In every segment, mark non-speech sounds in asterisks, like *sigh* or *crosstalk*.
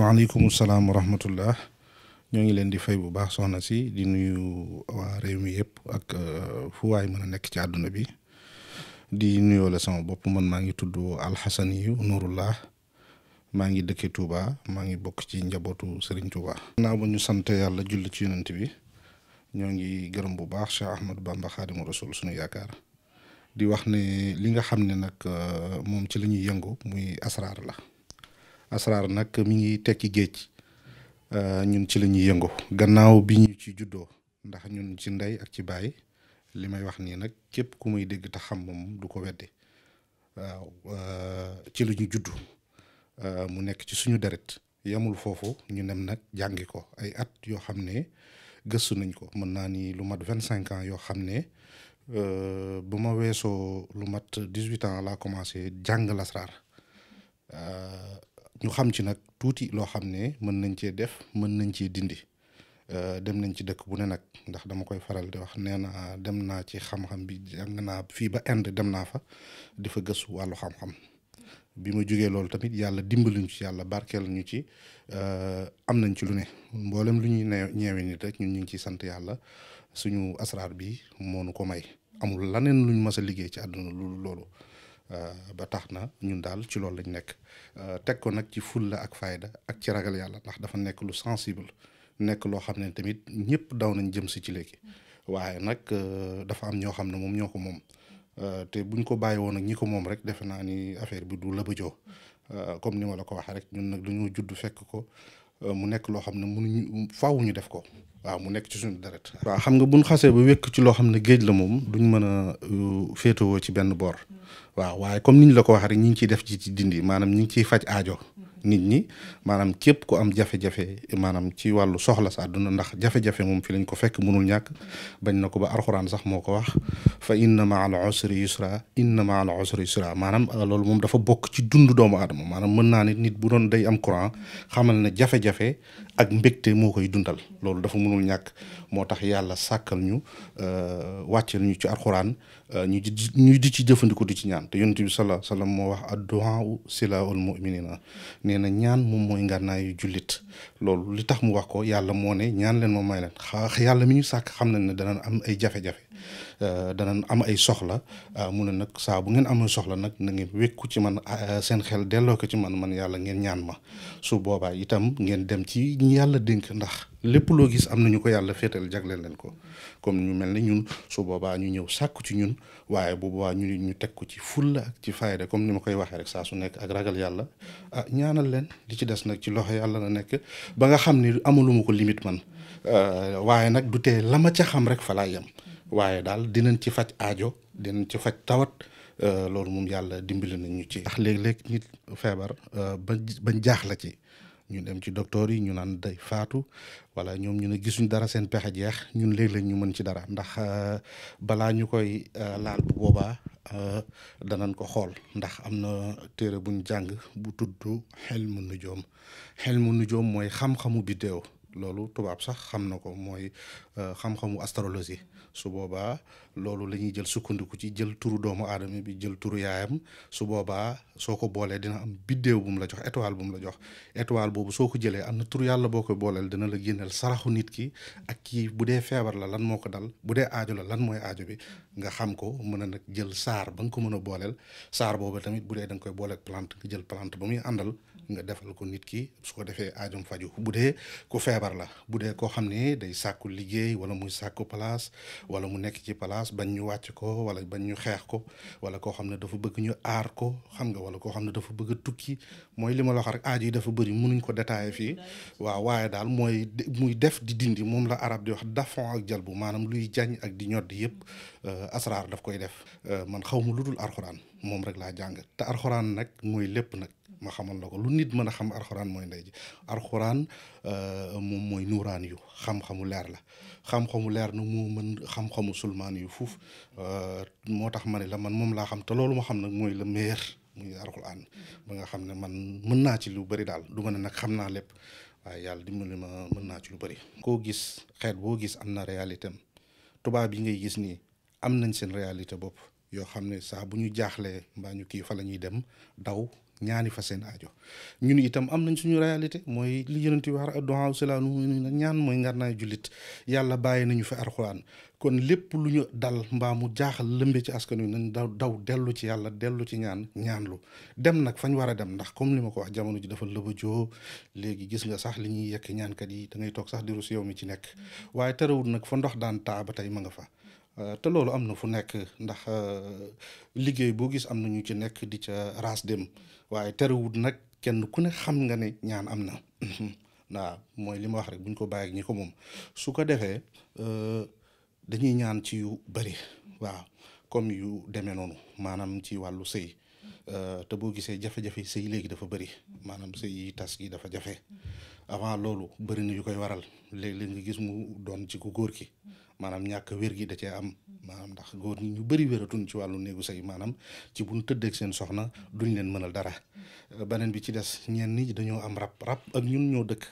waaleykum salaam wa rahmatullah ñoo ngi leen di fay bu baax soxna si di nuyu waa réew mi yëpp ak euh, fu waay mën a nekk ci àdduna bi di nuyoo la sama bopp man maa ngi tudd alxasani yu nuurullah maa ngi dëkkee Touba maa ngi bokk ci njabootu Serigne Touba. naa ba ñu sant yàlla julli ci yonent bi ñoo ngi gërëm bu baax Cheikh Ahmadou Bamba Xaadimu Rasul suñu yaakaar di wax ne li nga xam ne nag euh, moom ci la ñuy yëngu muy asraar la. asraar nag mi ngi tekki géej euh, ñun ci la ñuy yëngu gannaaw bi ñu ci juddoo ndax ñun ci ndey ak ci baay li may wax nii nag képp ku muy dégg te xam moom du ko weddi waaw euh, ci la ñu juddu euh, mu nekk ci suñu deret yamul foofu ñu nem nag jàngi ko ay at yoo xam ne gëstu nañ ko mën naa ni lu mat vingt cinq ans yoo xam ne bu ma weesoo lu mat dix huit ans laa commencé jàng lasraar ñu xam ci nag tuuti loo xam ne mën nañ cee def mën nañ cee dindi euh, dem nañ ci dëkk bu ne nag ndax dama koy faral di wax nee naa dem naa ci xam-xam bi jàng naa fii ba Inde dem naa fa di gëstu wàllu xam bi ma jógee loolu tamit yàlla dimbaluñ ci yàlla barkeel ñu ci euh, am nañ ci lu ne mboolem lu ñuy nee ñeewe nit rek ñun ñu ngi ciy sant yàlla suñu asraar bi moo nu ko may amul laneen luñ mas a liggéey ci àdduna loolu loolu Euh, ba tax na ñun daal ci loolu lañ nekk euh, teg ko nag ci fulla ak faayda ak ci ragal yàlla ndax dafa nekk lu sensible nekk loo xam ne tamit ñëpp daw nañ jëm si ci léegi waaye nag euh, dafa am ñoo xam ne moom ñoo ko moom te buñ ko bàyyi woon nag ñi ko moom rek defe naa ni affaire bi du la bëjoo comme ni ma la ko waxee rek ñun nag dañoo judd fekk ko Euh, mu nekk loo xam ne mënuñu faaw ñu def ko waaw mu nekk ci suñu deret waaw xam nga buñ xasee ba wékk ci loo xam ne géej la moom duñ mën a euh, féetewoo ci benn boor mm. waaw waaye comme niñ la ko waxee rek ñi ngi ciy def ci ci dindi maanaam ñi ngi ciy faj aajo mm. nit ñi maanaam képp ku am jafe-jafe maanaam ci wàllu soxla sa àdduna ndax jafe-jafe moom fi lañ ko fekk mënul ñàkk bañ na ko ba alxuraan sax moo ko wax fa inna ma al usri yusra inna ma al usri yusra maanaam euh, loolu moom dafa bokk ci dund doomu aadama maanaam mën ne nit bu doon day am courant xamal ne jafe-jafe ak mbégte moo koy dundal loolu dafa mënul ñàkk moo tax yàlla sàkkal ñu euh, wàcceel ñu ci alxuraan euh, ñu di di ci jëfandiku di ci ñaan te yonent bi sallallahu alayhi wa sallam moo wax ad-du'a silaa'ul nee na ñaan moom mooy ngànnaayu jullit loolu li tax mu wax ko yàlla moo ne ñaan leen moom may leen xa yàlla mu ñu sàkk xam na ne danañ am ay jafe-jafe euh, danañ am ay soxla euh, mu ne nag saa bu ngeen amee soxla nag na ngeen wékku ci man euh, seen xel delloo ko ci man man yàlla ngeen ñaan ma su boobaa itam ngeen dem ci ñi yàlla dénk ndax lépp loo gis am nañu ko yàlla féetal jagleel leen ko comme ñu mel ni ñun su boobaa ñu ñëw sàkku ci ñun waaye bu boobaa ñu ñu teg ko ci fulla ak ci fayda comme ni ma koy waxee rek saa su nekk ak ragal yàlla ah, ñaanal leen li ci des nag ci loxo yàlla na nekk ba nga xam ni amuluma ko limite man euh, waaye nag du tee la ma ca xam rek fa laa waaye daal dinañ ci faj aajo dinañ ci faj tawat euh, loolu moom yàlla dimbali nañ ñu ci. ndax léeg-léeg nit feebar euh, ba bañ jaaxle ci. ñu dem ci docteur yi ñu naan day faatu wala ñoom ñu ne gisuñ dara seen pexe jeex ñun léeg leen ñu mën ci dara ndax euh, balaa ñu koy euh, laal bu boobaa euh, danañ ko xool ndax am na téere buñ jàng bu tudd xel mu nujoom xel mu nujoom mooy xam-xamu biddéew loolu tubaab sax xam na ko mooy euh, xam-xamu astrologie su boobaa loolu la ñuy jël sukkandiku ci jël turu doomu aadama bi jël turu yaayam su boobaa soo ko boolee dina am biddéew bum la jox étoile bu la jox étoile boobu soo ko jëlee am na turu yàlla boo koy booleel dina la génneel saraxu nit ki ak kii bu dee feebar la lan moo ko dal bu dee aajo la lan mooy aajo bi nga xam ko mën a nag jël saar ba nga ko mën a booleel saar boobu tamit bu dee da nga koy booleeg plante jël plante ba muy àndal nga defal ko nit ki su ko defee aajom faju bu dee ku feebar la bu dee koo xam ne day sàkku liggéey wala muy sàkku place wala mu nekk ci place bañ ñu wàcc ko wala bañ ñu xeex ko wala koo xam ne dafa bëgg ñu aar ko xam nga wala koo xam ne dafa bëgg a tukki mooy li ma la rek aajo yi dafa bëri mënuñ ko détaillé fii waaw waaye daal mooy muy def di dindi moom la arab di wax dafon ak jal bu maanaam luy jañ ak di ñoddi yëpp euh, asraar daf koy def euh, man xaw ma lu dul arxuraan moom rek laa jàng te arxuraan nag mooy lépp nag ma xamal la ko lu nit mën a xam arxuraan mooy ndey ji arxuraan euh, moom mooy nuuraan yu xam-xamu leer la xam-xamu leer na moo mën xam-xamu sulmaan yu fuuf euh, moo tax ma ne la man moom laa xam te loolu ma xam nag mooy le meilleur muy arxuraan ba nga xam ne man mën naa ci lu bari daal du ma ne nag xam naa lépp waaye yàlla dimbali ma mën naa ci lu bari koo gis xeet boo gis am na réalité am tubaab yi ngay gis nii am nañ seen réalité bopp yoo xam ne saa bu ñu jaaxlee mbaa ñu kii fa la ñuy dem daw ñaani fa seen aajo ñun itam am nañ suñu réalité mooy li yonent bi wax doa salaanu ñaan mooy ngànnaay jullit yàlla bàyyi nañu fi arxuraan kon lépp lu ñu dal mbaa mu jaaxal lëmbe ci askan wi nañ daw daw dellu ci yàlla dellu ci ñaan lu dem nag fañ war a dem ndax comme li ma ko wax jamono ji dafa lëba joo léegi gis nga sax li ñuy yekk ñaankat yi da ngay toog sax di si yow mi ci nekk mm-hmm. waaye terewul nag fa ndox daan taa ba tey ma nga fa Euh, te loolu am na fu nekk ndax euh, liggéey boo gis am na ñu ci nekk di ca ras dem waaye terewut nag kenn ku ne xam nga ne ñaan am na *laughs* waaw mooy li ma wax rek bu ñu ko bàyyi ñi ko moom su ko defee euh, dañuy ñaan ci yu bari waaw comme yu demee noonu maanaam ci wàllu sëy te boo gisee jafe-jafe sëy léegi dafa bëri maanaam sëy yi tas gi dafa jafe avant loolu bëri na yu koy waral léeg-léeg nga gis mu doon ci ku góor ki maanaam ñàkk wér gi da cee am maanaam ndax góor ñi ñu bëri wératuñ ci wàllu néegu sëy maanaam ci buñ tëddeeg seen soxna duñ leen mënal dara euh, beneen bi ci des ñenn ñi dañoo am rab rab ak ñun ñoo dëkk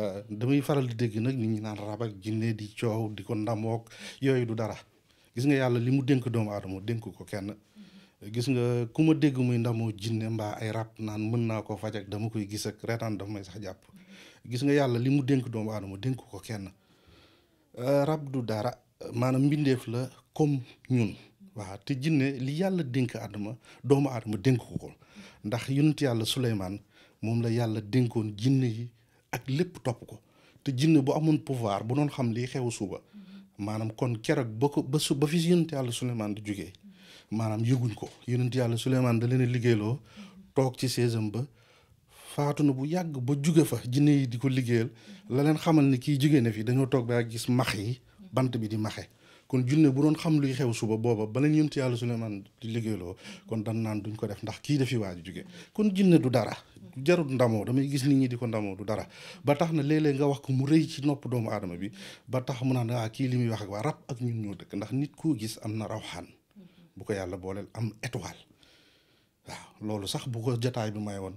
euh, damay faral di dégg nag nit ñu naan rab ak jinne di coow di ko ndamook yooyu du dara gis nga yàlla li mu dénk doomu aadama dénk ko kenn gis nga ku ma dégg muy ndamoo jinne mbaa ay rab naan mën naa koo faj ak dama koy gis ak reetaan may sax jàpp gis nga yàlla li mu dénk doomu aadama dénk ko kenn Euh, rab du dara maanaam mbindeef la comme ñun waaw te jinne li yàlla dénk adama doomu adama dénk ko ko ndax yonent yàlla Suleymaan moom la yàlla dénkoon jinne yi ak lépp topp ko te jinne bu amun pouvoir bu doon xam lii xew suba maanaam kon keroog ba ko ba su ba fi yonent yàlla Suleymaan di jugee maanaam yëguñ ko yonent yàlla Suleymaan da leen a liggéeyloo toog ci seesam ba faatu na bu yàgg ba jóge fa jinne yi di ko liggéeyal la leen xamal ni kii jóge na fi dañoo toog ba gis max yi bant bi di maxe kon junne bu doon xam luy xew suba booba ba leen yonent yàlla Suleymaan di liggéeyloo kon dan naan duñ ko def ndax kii dafi waaju jóge kon jinne du dara jarul ndamoo damay gis nit ñi di ndamoo du dara ba tax na léeg nga wax ko mu rëy ci nopp doomu aadama bi ba tax mu naan waa ah, kii li muy wax ak rab ak ñun ñoo dëkk ndax nit koo gis am na rawxaan bu ko yàlla booleel am étoile waaw loolu sax bu ko jataay bi may woon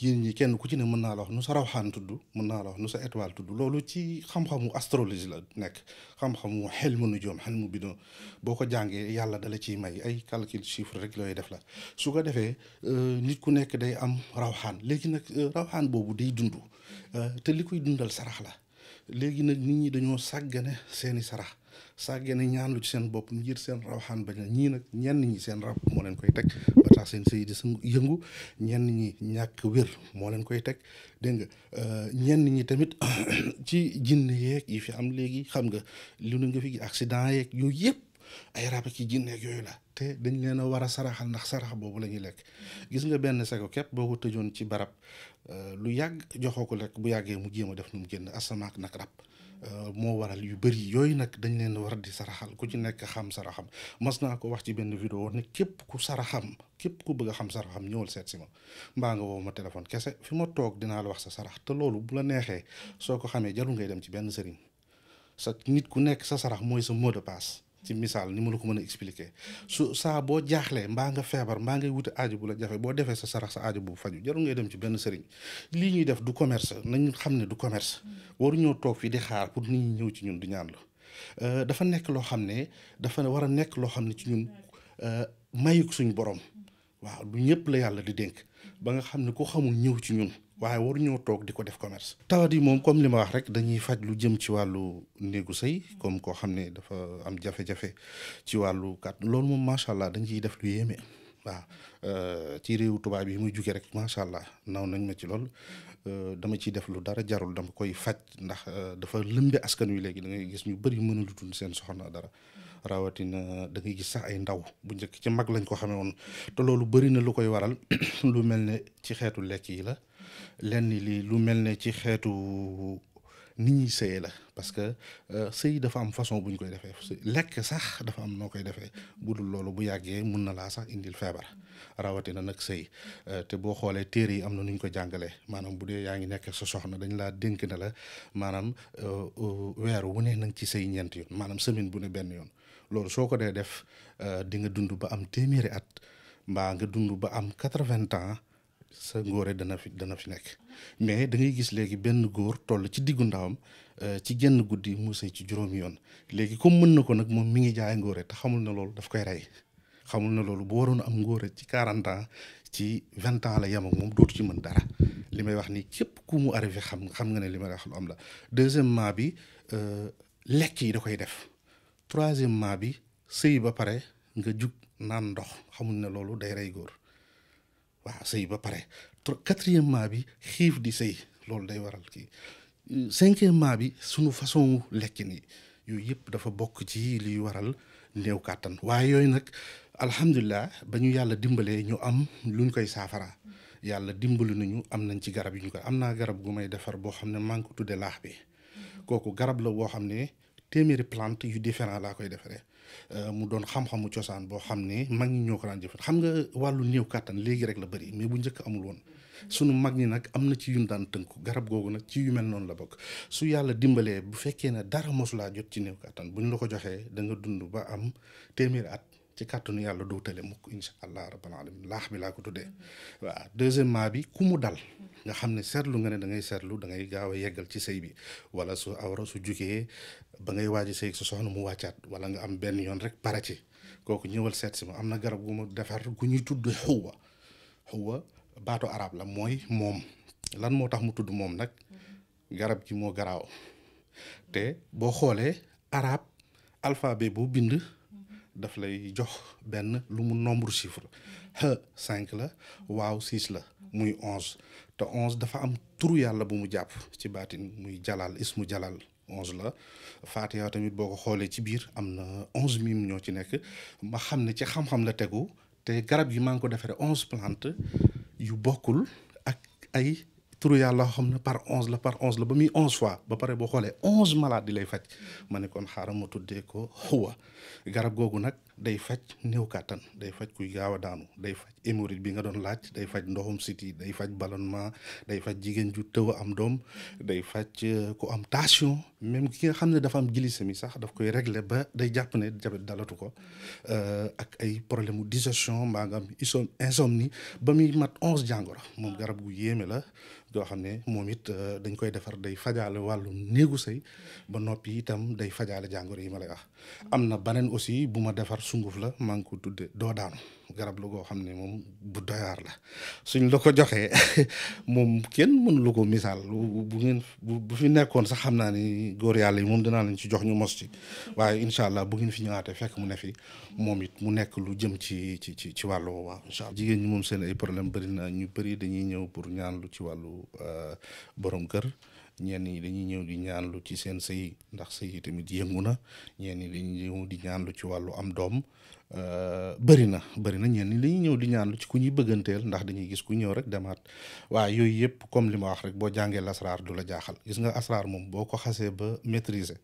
yéen ñi kenn ku ci ne mën naa la wax nu sa rawxaan tudd mën naa la wax nu sa étoile tudd loolu ci xam-xamu astrologie la nekk xam-xamu xel mu nujoom xel mu bidon boo ko jàngee yàlla dala ci may ay calcul chiffre rek looy def la su ko defee euh, nit ku nekk day am rawxaan léegi nag euh, rawxaan boobu day dundu euh, te li dundal sarax la léegi nag nit ñi dañoo sàggane seeni sarax sàggee ne ñaan lu ci seen bopp ngir seen rawxaan bañ a ñii nag ñenn ñi seen rab moo leen koy teg ba tax seen sëy di yëngu ñenn ñi ñàkk wér moo leen koy teg dégg nga euh, ñenn ñi tamit *coughs* ci jinne yeeg yi fi am léegi xam nga lu nu nga fi accident yeeg yooyu yëpp ay rab ki jinne ak yooyu la te dañ leen a war a saraxal ndax sarax boobu lañuy lekk gis nga benn sago képp boo ko tëjoon ci barab euh, lu yàgg joxoo ko lekk bu yàggee mu jéem a def nu mu génn asamaak nag rab euh, moo waral yu bëri yooyu nag dañ leen war di saraxal ku ci nekk xam saraxam mas naa ko wax ci benn vidéo ne képp ku saraxam képp ku bëgg a xam saraxam ñëwal seet si ma mbaa nga woo ma téléphone kese fi ma toog dinaa la wax sa sarax te loolu bu la neexee soo ko xamee jarul ngay dem ci benn sëriñ sa nit ku nekk sa sarax mooy sa mot de passe ci misaal ni ma la ko mën a expliquer su saa boo jaaxlee mbaa nga feebar mbaa ngay wuti aajo bu la jafe boo defee sa sarax sa aajo bu faju jarul ngay dem ci benn sëriñ lii ñuy def du commerce nañu xam ne du commerce mm. waru waruñoo toog fii di xaar pour nit ñi ñëw ci ñun du ñaan la euh, dafa nekk loo xam ne dafa war a nekk loo xam ne ci ñun euh, mayuk suñ borom mm. waaw du ñëpp la yàlla di dénk ba nga xam ne ku xamul ñëw ci ñun waaye waru ñoo toog di ko def commerce tawat yi moom comme li ma wax rek dañuy faj lu jëm ci wàllu néegu sëy comme koo xam ne dafa am jafe ci wàllu kat loolu moom macha allah dañ ciy def lu yéeme waaw euh, ci réewu tubaab yi muy jugee rek macha allah naw nañ ma ci lool euh, dama ciy def lu dara jarul dama koy faj ndax euh, dafa lëmbe askan wi léegi da ngay gis ñu bëri mën a lu tun seen soxna dara rawatina da gis sax ay ndaw bu njëkk ci mag lañ ko xamee woon te loolu bëri na lu koy waral *clears throat* lu mel ne ci xeetu lekk yi la lenn li lu mel ne ci xeetu nit ñuy sëyee la parce que euh, sëy dafa am façon bu ñu koy defee lekk sax dafa am noo koy defee bu dul loolu bu yàggee mun na laa sax indil feebar rawatina nag sëy euh, te boo xoolee téere yi am na nuñ ko jàngalee maanaam bu dee yaa ngi nekk sa soxna dañ laa dénk na la maanaam euh, weer wu ne na ci sëy ñeent maanaam semaine bu ne benn yoon loolu soo ko dee def euh, di nga dund ba am téeméeri at mbaa nga dund ba am quatre-vingts ans sa ngóore dana fi dana fi nekk mais dangay gis léegi benn góor toll ci diggu ndawam euh, ci genn guddi mu sëy ci juróom yoon léegi comme mën na ko nag moom mi ngi jaay ngóore te xamul na loolu daf koy rey xamul na loolu bu waroon am ngóore ci quarante ans ci vingt ans la yem moom dootu ci mën dara li may wax ni képp ku mu arrivé xam xam nga ne li may wax lu am la deuxièmement bi euh, lekk yi da koy def troisièmement bi sëy ba pare nga jug naan ndox xamuñ ne loolu day rey góor waaw sëy ba pare quatrièmement bi xiif di sëy loolu day waral kii cinquièmement bi sunu façon lekkin yi yooyu yëpp dafa bokk ci liy waral néew kàttan waaye yooyu nag alhamdulilah ba ñu yàlla dimbalee ñu am luñ koy saafara yàlla dimbali nañu am nañ ci garab yi ñu koy am naa garab gu may defar boo xam ne maa ngi ko tuddee laax bi mm-hmm. kooku garab la boo xam ne téeméeri plante yu différent laa koy defaree euh, mu doon xam-xamu cosaan boo xam ne mag ñi ñoo ko daan jëfandikoo xam nga wàllu néew kàttan léegi rek la bëri mais bu njëkk amul woon sunu mag ñi nag am na ci yuñ daan tënku garab googu nag ci yu mel noonu la bokk su yàlla dimbalee bu fekkee ne dara mosulaa jot ci néew kàttan bu ñu la ko joxee da nga dund ba am téeméeri at ci kàttanu yàlla dootale mukk incha allah rabbal alamin laa bi laa ko tuddee waa deuxièmement bi ku mu dal nga xam ne seetlu nga ne da ngay seetlu dangay ngay gaaw a yeggal ci sëy bi wala su awra su jugee ba ngay waaji sëy su soxna mu wàccaat wala nga am benn yoon rek pare ci kooku ñëwal seet si ma am na garab gu mu defar gu ñuy tudd xuwa xuwa baatu arab la mooy moom lan moo tax mu tudd moom nag garab gi moo garaaw te boo xoolee arab alphabet bu bind daf lay jox benn lu mu nombre chiffre xë cinq la waaw six la muy onze te onze dafa am turu yàlla bu mu jàpp ci baatin muy jalal ismu jalal onze la Fatiha tamit boo ko xoolee ci biir am na onze mim ñoo ci nekk ma xam ne ci xam-xam la tegu te garab gi maa ngi ko defaree onze plante yu bokkul ak ay turu yàlla xam ne par onze la par onze la ba muy onze fois ba pare boo xoolee onze malade yi lay faj mm. ma ne kon xaaral ma tuddee ko xuwa garab googu nag. day faj néew kàttan day faj kuy gaaw a daanu day faj hémorroïde nga doon laaj day faj ndoxum siti day faj ballonnement day faj jigéen ju tëw am doom day faj euh, ku am tension même ki nga xam ne dafa am glycémie sax daf koy régler ba day jàpp ne diabète dalatu ko euh, ak ay problème mu digestion mbaa nga am insomnie ba muy mat onze jàngoro moom garab gu yéeme la yoo xam ne moom it euh, dañ koy defar day fajaale wàllu néegu sëy ba noppi itam day fajaale jàngoro yi ma lay wax am na beneen aussi bu ma defar sunguf la maa ngi ko tudde doo daanu garab la goo xam ne moom bu doyaar la suñ la ko joxee *laughs* moom kenn mënu lu ko misaal bu ngeen bu fi nekkoon sax xam naa ni góor yàlla yi moom dinaa leen ci jox ñu mos ci waaye incha allah bu ngeen fi ñëwaatee fekk mu ne fi moom it mu nekk lu jëm ci ci ci ci wàllu waaw incha jigéen ñi moom seen ay problème bari naa ñu bëri dañuy ñëw pour ñaan lu ci wàllu euh, borom kër ñenn ñi dañuy ñëw di ñaanlu ci seen sëy ndax sëy yi tamit yëngu na ñenn ñi dañuy ñëw di ñaanlu ci wàllu am doom euh, bëri na bëri na ñenn ñi dañuy ñëw di ñaanlu ci ku ñuy bëgganteel ndax dañuy gis ku ñëw rek demaat waaye yooyu yëpp comme li ma wax rek boo jàngee lasraar du la jaaxal gis nga asraar moom boo ko xasee ba maîtriser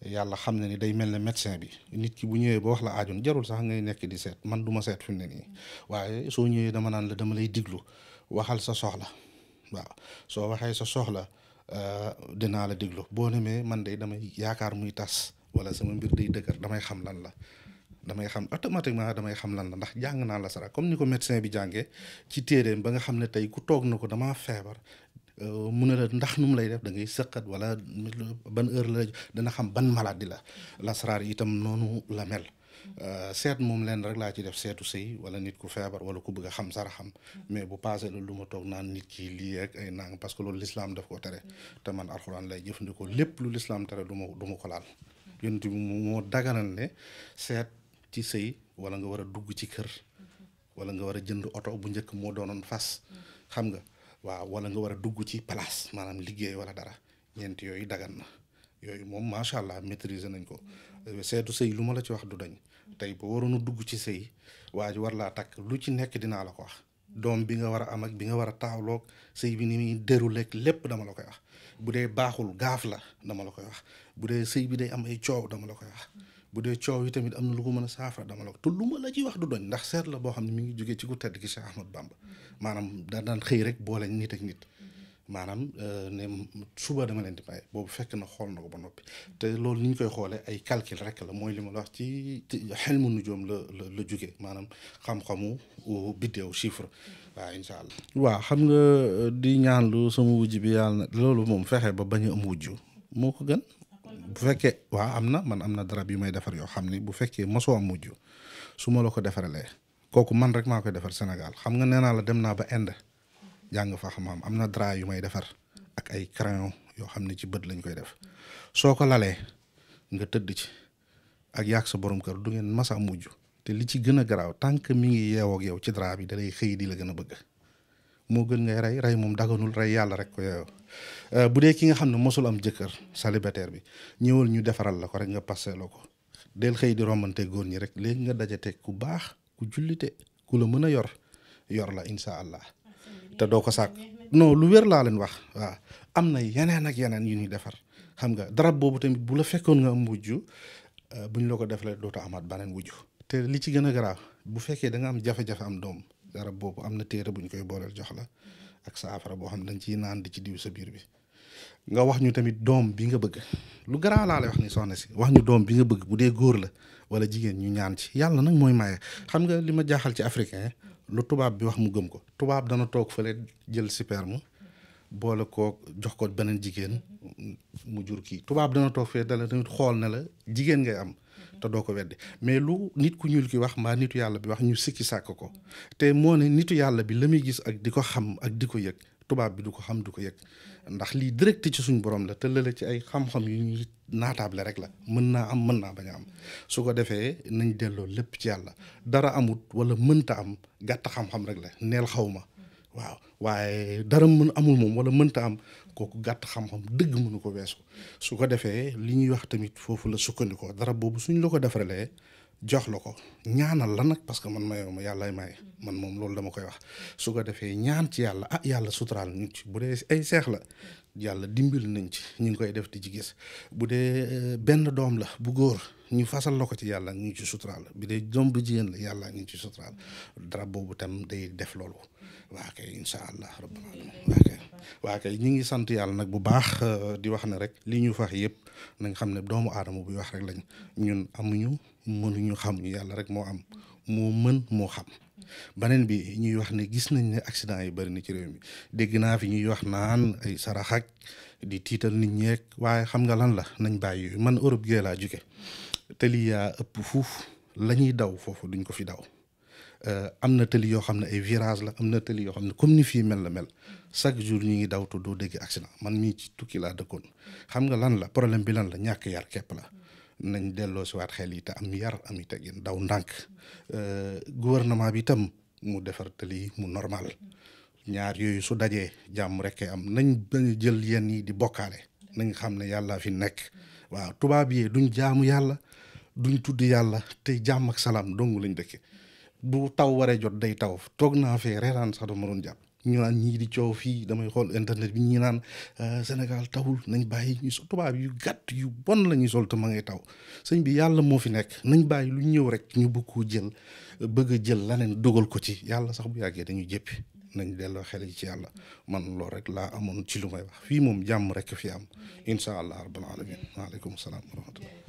yàlla xam na ni day mel ne médecin bi nit ki bu ñëwee ba wax la aajoon jarul sax nga nekk di seet man duma seet fi mu ne nii waaye soo ñëwee dama naan la dama lay diglu waxal sa soxla waaw soo waxee sa soxla Euh, dinaa la déglu boo demee man de damay yaakaar muy tas wala sama mbir day dëgër damay xam lan la damay xam automatiquement damay xam lan la ndax jàng naa la sara comme ni ko médecin bi jàngee ci téeréem ba nga xam ne tey ku toog na ko damaa feebar euh, mu ne la ndax nu lay def da ngay sëqat wala ban heure la dana xam ban maladi la lasaraar itam noonu la mel Euh, seet moom leen rek laa ci def seetu sëy wala nit ku feebar wala ku bëgg a xam sara xam mais bu passé la lu ma toog naan nit ki lii ak ay nang parce que loolu l'islam def ko tere te man alxuraan lay jëfandikoo lépp lu l'islam tere du ma du ma ko laal yonent bi moo daganal ne seet ci sëy wala nga war a dugg ci kër wala nga war a jënd oto bu njëkk moo doonoon fas xam nga waaw wala nga war a dugg ci maanaam liggéey wala dara ñeent yooyu dagan na yooyu moom macha allah maîtriser nañ ko mm-hmm. seetu sëy lu ma la ci wax du dañ tey boo waroon a dugg ci sëy waaj war laa takk lu ci nekk dinaa la ko wax doom bi nga war a am ak bi nga war a taawloog sëy bi ni muy déroulé lépp dama la koy wax bu dee baaxul gaaf la dama la koy wax bu dee sëy bi day am ay coow dama la koy wax bu dee coow yi tamit am na lu ko mën a saafara dama la ko te lu ma la ci wax du doñ ndax seet la boo xam ne mi ngi jógee ci ku tedd ki Cheikh Ahmad Bamba maanaam daan daan xëy rek boole nit ak nit maanaam euh, ne suba dama leen boobu fekk na xool na ba noppi te loolu ni ñu koy xoolee ay calcul rek la mooy li ma la wax ci xel mu nujoom la la la jóge maanaam xam-xamu biddéew chiffre waaw incha allah. waaw xam nga euh, di ñaanlu sama wujj bi yàlla loolu moom fexe ba bañ a am wujj moo ko gën bu fekkee waaw am na man am na darab yu may defar yoo xam ni bu fekkee mosoo am wujj su ma la ko defaralee kooku man rek maa koy defar Sénégal xam nga nee naa la dem naa ba Inde. jàng fa xam am na drap yu may defar ak ay crayon yoo xam ne ci bët lañ koy def soo ko lalee nga tëdd ci ak yàgg sa borom kër du ngeen masa mujj te li ci gën a garaaw tant mi ngi yeewoo ak yow ci dra bi da lay xëy di la gën a bëgg moo gën ngay rey rey moom daganul rey yàlla rek ko yeewoo euh, bu dee ki nga xam ne mosul am jëkkër célibataire bi ñëwal ñu defaral la ko rek nga passé loo ko del xëy di rombante góor ñi rek léegi nga dajate ku baax ku jullite ku la mën a yor yor la incha allah. te doo ko sàkk no lu wér laa leen wax waaw am na yeneen ak yeneen yu ñuy defar xam nga darab boobu tamit bu la fekkoon nga am wujj euh, bu ñu la ko defalee dootoo amaat beneen wujj te li ci gën a garaaw bu fekkee da nga am jafe-jafe am doom darab boobu am na téere bu ñu koy booleel jox la ak sa saafara boo xam ne dañ ciy naan di ci diw sa biir bi nga wax ñu tamit doom bi nga bëgg lu garaaw laa lay wax ni soxna si wax ñu doom bi nga bëgg bu dee góor la wala jigéen ñu ñaan ci yàlla nag mooy maye xam nga li ma jaaxal ci africain lu tubaab bi wax mu gëm ko tubaab dana toog fële jël sperme boole koo jox ko beneen jigéen mu jur kii tubaab dana toog fee dala tamit xool ne la jigéen ngay am te doo ko weddi mais lu nit ku ñuul ki wax maa nitu yàlla bi wax ñu sikki sàkk ko te moo ne nitu yàlla bi la muy gis ak di ko xam ak di ko yëg tubaab bi du ko xam du ko yëg ndax lii direct ci suñu borom la te lële ci ay xam-xam yu ñuy naataable rek la mën naa am mën naa bañ am su ko defee nañ delloo lépp ci yàlla dara amut wala mënta am gàtt xam-xam rek la neel xaw ma waaw waaye dara mën amul moom wala am kooku gàtt xam-xam dëgg mënu ko weesu su ko defee li ñuy wax tamit foofu la sukkandikoo dara boobu suñ la ko defaralee jox la ko ñaanal la nag parce que man mayoo ma yàlla may man moom loolu dama koy wax su ko defee ñaan ci yàlla ah yàlla suturaal ñu ci bu dee ay seex la yàlla dimbil nañ ci ñu ngi koy def di ci gis bu dee eh, benn doom la bu góor ñu fasal la ko ci yàlla ñu ngi ci suturaal bi dee doom bu jigéen la yàlla ñu ngi ci suturaal dara boobu tam day def loolu waa kay incha allah rabbal alamin waa kay waa ñu ngi sant yàlla nag bu baax eh, di wax ne rek li ñu fax yëpp na xam ne doomu aadama buy wax rek lañ ñun amuñu. mënuñu xam yàlla rek moo am moo mën moo xam beneen bi ñuy wax ne gis nañ ne accident yi bari na ci réew mi dégg naa fi ñuy wax naan ay sarax di tiital nit ñeek waaye xam nga lan la nañ bàyyi man Europe gee laa jóge tëli yaa ëpp fuuf la ñuy daw foofu duñ ko fi daw euh, am na tëli yoo xam ne ay virage la am na tëli yoo xam ne comme ni fii mel la mel chaque jour ñu ngi daw te doo dégg accident man mii ci tukki laa dëkkoon xam nga lan la problème bi lan la ñàkk yar képp la nañ delloo si waat xel yi am yar am i tegin daw ndànk euh, gouvernement bi itam mu defar tali mu normal ñaar yooyu su dajee jàmm rek am nañ dañu jël yenn yi di bokkaale nañ xam ne yàlla fi nekk waaw tubaab yi duñ jaamu yàlla duñ tudd yàlla tey jàmm ak salaam dong lañ dëkke bu taw waree jot day taw toog naa fee reeraan sax dama doon jàpp ñu naan ñii di coow fii damay xool internet bi ñi naan euh, Sénégal tawul nañ bàyyi ñu so tubaab yu gàtt yu bon la ñuy sol te ma taw sëñ bi yàlla moo fi nekk nañ bàyyi lu ñëw rek ñu bëgg ko jël bëgg a jël laneen dogal ko ci yàlla sax bu yàggee dañuy jëpp nañ delloo xel yi ci yàlla man loolu rek laa amoon ci lu wax fii moom jàmm rek fi am incha allah rabbil alamin waaleykum salaam wa